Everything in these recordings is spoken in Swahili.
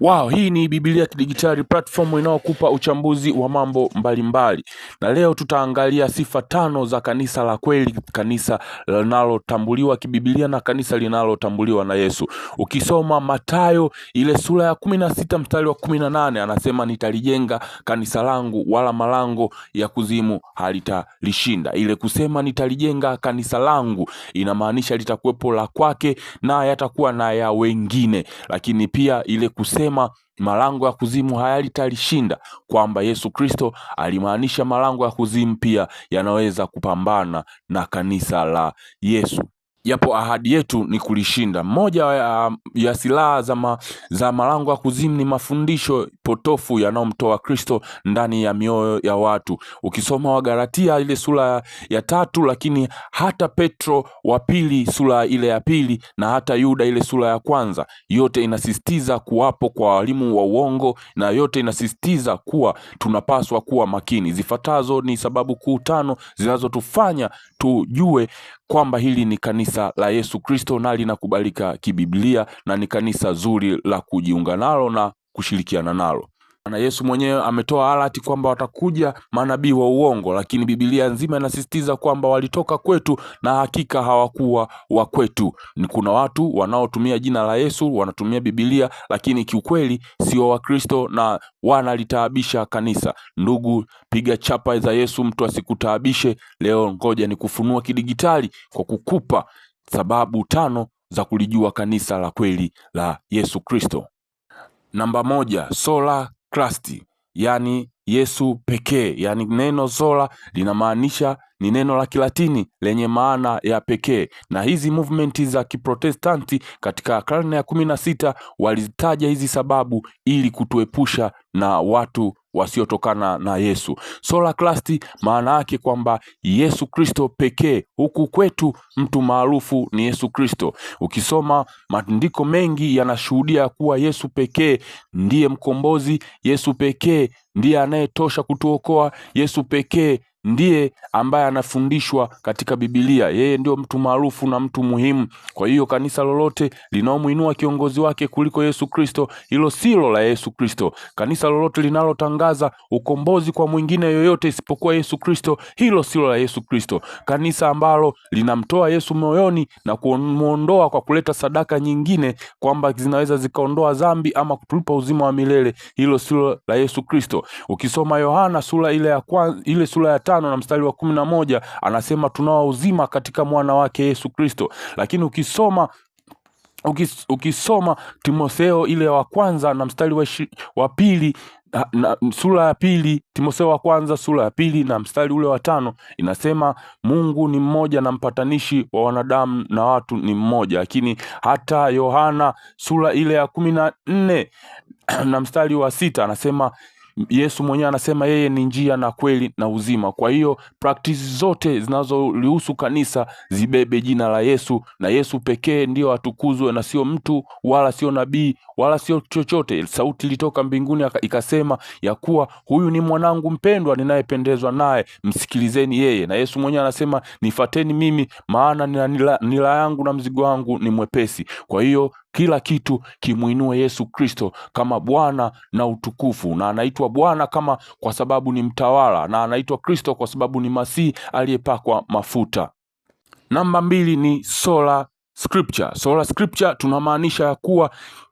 Wow, hii ni Biblia Kidigitali, platform inayokupa uchambuzi wa mambo mbalimbali mbali. Na leo tutaangalia sifa tano za kanisa la kweli, kanisa linalotambuliwa kibibilia na kanisa linalotambuliwa na Yesu. Ukisoma Mathayo ile sura ya kumi na sita mstari wa kumi na nane anasema nitalijenga kanisa langu, wala malango ya kuzimu halitalishinda. Ile kusema nitalijenga kanisa langu inamaanisha litakuwepo la kwake, na yatakuwa na ya wengine, lakini pia ile kusema aliposema malango ya kuzimu hayalitalishinda, kwamba Yesu Kristo alimaanisha malango ya kuzimu pia yanaweza kupambana na kanisa la Yesu japo ahadi yetu ni kulishinda. Moja ya, ya silaha za, ma, za malango ya kuzimu ni mafundisho potofu yanayomtoa Kristo ndani ya mioyo ya watu. Ukisoma Wagalatia ile sura ya tatu, lakini hata Petro wa pili sura ile ya pili na hata Yuda ile sura ya kwanza, yote inasisitiza kuwapo kwa walimu wa uongo, na yote inasisitiza kuwa tunapaswa kuwa makini. Zifuatazo ni sababu kuu tano zinazotufanya tujue kwamba hili ni kanisa la Yesu Kristo na linakubalika kibiblia na ni kanisa zuri la kujiunga nalo na kushirikiana nalo na Yesu mwenyewe ametoa alati kwamba watakuja manabii wa uongo, lakini Biblia nzima inasisitiza kwamba walitoka kwetu na hakika hawakuwa wa kwetu. Ni kuna watu wanaotumia jina la Yesu, wanatumia Biblia, lakini kiukweli sio Wakristo na wanalitaabisha kanisa. Ndugu, piga chapa za Yesu, mtu asikutaabishe. Leo ngoja ni kufunua kidigitali kwa kukupa sababu tano za kulijua kanisa la kweli la Yesu Kristo. Namba moja, sola Kristi, yani Yesu pekee, yani neno sola linamaanisha ni neno la Kilatini lenye maana ya pekee, na hizi movement za Kiprotestanti katika karne ya kumi na sita walizitaja hizi sababu ili kutuepusha na watu wasiotokana na Yesu. Sola Christi maana yake kwamba Yesu Kristo pekee. Huku kwetu mtu maarufu ni Yesu Kristo. Ukisoma maandiko mengi yanashuhudia kuwa Yesu pekee ndiye mkombozi, Yesu pekee ndiye anayetosha kutuokoa, Yesu pekee ndiye ambaye anafundishwa katika Bibilia. Yeye ndio mtu maarufu na mtu muhimu. Kwa hiyo kanisa lolote linaomuinua kiongozi wake kuliko Yesu Kristo, hilo silo la Yesu Kristo. Kanisa lolote linalotangaza ukombozi kwa mwingine yoyote isipokuwa Yesu Kristo, hilo silo la Yesu Kristo. Kanisa ambalo linamtoa Yesu moyoni na kumwondoa kwa kuleta sadaka nyingine kwamba zinaweza zikaondoa zambi ama kutupa uzima wa milele, hilo silo la Yesu Kristo. Ukisoma Yohana sura ile ya kwanza, ile sura ya tano na mstari wa kumi na moja anasema tunao uzima katika mwana wake yesu kristo lakini ukisoma ukis, ukisoma timotheo ile wa kwanza na mstari wa, shi, wa pili na, na, sura ya pili timotheo wa kwanza sura ya pili na mstari ule wa tano inasema mungu ni mmoja na mpatanishi wa wanadamu na watu ni mmoja lakini hata yohana sura ile ya kumi na nne na mstari wa sita anasema Yesu mwenyewe anasema yeye ni njia na kweli na uzima. Kwa hiyo praktisi zote zinazolihusu kanisa zibebe jina la Yesu, na Yesu pekee ndiyo atukuzwe, na sio mtu wala sio nabii wala sio chochote. Sauti ilitoka mbinguni ikasema ya kuwa huyu ni mwanangu mpendwa ninayependezwa naye, msikilizeni yeye. Na Yesu mwenyewe anasema nifateni mimi, maana nila, nila yangu na mzigo wangu ni mwepesi. Kwa hiyo kila kitu kimwinue Yesu Kristo kama Bwana na utukufu. Na anaitwa Bwana kama kwa sababu ni mtawala, na anaitwa Kristo kwa sababu ni Masihi aliyepakwa mafuta. Namba mbili ni sola scripture. Sola scripture tunamaanisha ya kuwa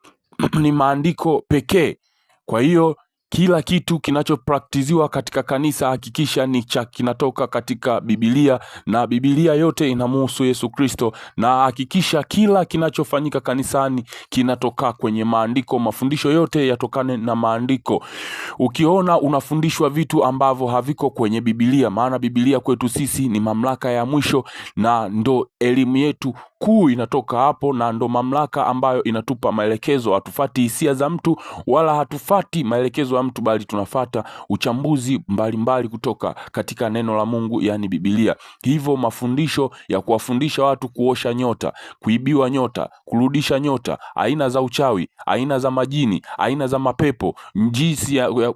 ni maandiko pekee. Kwa hiyo kila kitu kinachopraktiziwa katika kanisa hakikisha ni cha kinatoka katika Bibilia na Bibilia yote inamuhusu Yesu Kristo, na hakikisha kila kinachofanyika kanisani kinatoka kwenye maandiko. Mafundisho yote yatokane na maandiko. Ukiona unafundishwa vitu ambavyo haviko kwenye Bibilia, maana Bibilia kwetu sisi ni mamlaka ya mwisho na ndo elimu yetu kuu inatoka hapo, na ndo mamlaka ambayo inatupa maelekezo. Hatufati hisia za mtu wala hatufati maelekezo wa mtu, bali tunafata uchambuzi mbalimbali mbali kutoka katika neno la Mungu, yaani Biblia. Hivyo mafundisho ya kuwafundisha watu kuosha nyota, kuibiwa nyota, kurudisha nyota, aina za uchawi, aina za majini, aina za mapepo, jinsi ya, ya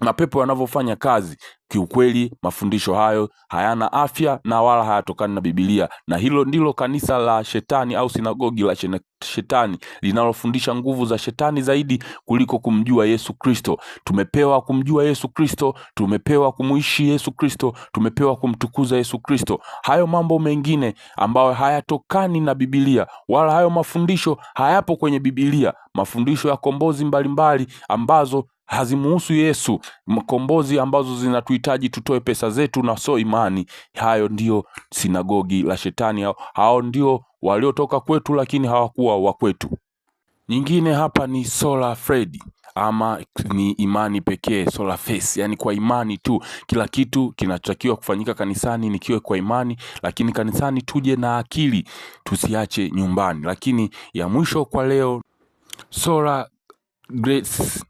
mapepo yanavyofanya kazi kiukweli mafundisho hayo hayana afya na wala hayatokani na bibilia na hilo ndilo kanisa la shetani au sinagogi la shetani linalofundisha nguvu za shetani zaidi kuliko kumjua yesu kristo tumepewa kumjua yesu kristo tumepewa kumuishi yesu kristo tumepewa kumtukuza yesu kristo hayo mambo mengine ambayo hayatokani na bibilia wala hayo mafundisho hayapo kwenye bibilia mafundisho ya kombozi mbalimbali mbali ambazo hazimuhusu Yesu mkombozi, ambazo zinatuhitaji tutoe pesa zetu na so imani. Hayo ndio sinagogi la Shetani. Hao, hao ndio waliotoka kwetu, lakini hawakuwa wa kwetu. Nyingine hapa ni sola fredi ama ni imani pekee, sola fes, yani kwa imani tu. Kila kitu kinachotakiwa kufanyika kanisani nikiwe kwa imani, lakini kanisani tuje na akili, tusiache nyumbani. Lakini ya mwisho kwa leo, sola grace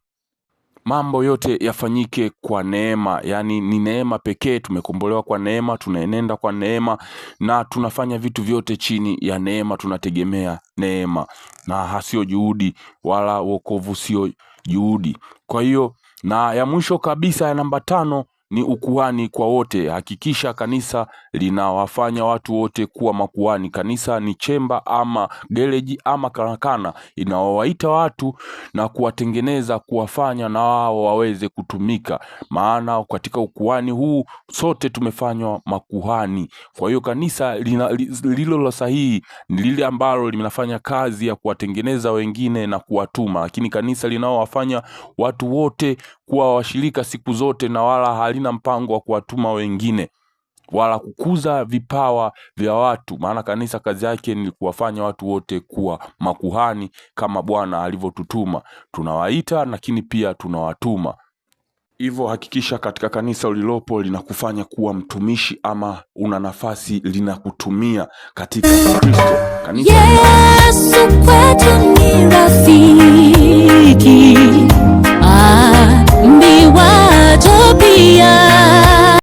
mambo yote yafanyike kwa neema, yaani ni neema pekee. Tumekombolewa kwa neema, tunaenenda kwa neema na tunafanya vitu vyote chini ya neema, tunategemea neema na hasio juhudi, wala wokovu sio juhudi. Kwa hiyo na ya mwisho kabisa ya namba tano ni ukuhani kwa wote. Hakikisha kanisa linawafanya watu wote kuwa makuhani. Kanisa ni chemba ama gereji ama karakana inawawaita watu na kuwatengeneza, kuwafanya na wao waweze kutumika, maana katika ukuhani huu sote tumefanywa makuhani. Kwa hiyo kanisa lina, lilo la sahihi ni lile ambalo linafanya kazi ya kuwatengeneza wengine na kuwatuma, lakini kanisa linaowafanya watu wote kuwa washirika siku zote na wala hali halina mpango wa kuwatuma wengine wala kukuza vipawa vya watu, maana kanisa kazi yake ni kuwafanya watu wote kuwa makuhani kama Bwana alivyotutuma. Tunawaita lakini pia tunawatuma. Hivyo hakikisha katika kanisa ulilopo linakufanya kuwa mtumishi, ama una nafasi linakutumia katika Kristo. Kanisa Yesu kwetu ni rafiki ambiwa tabia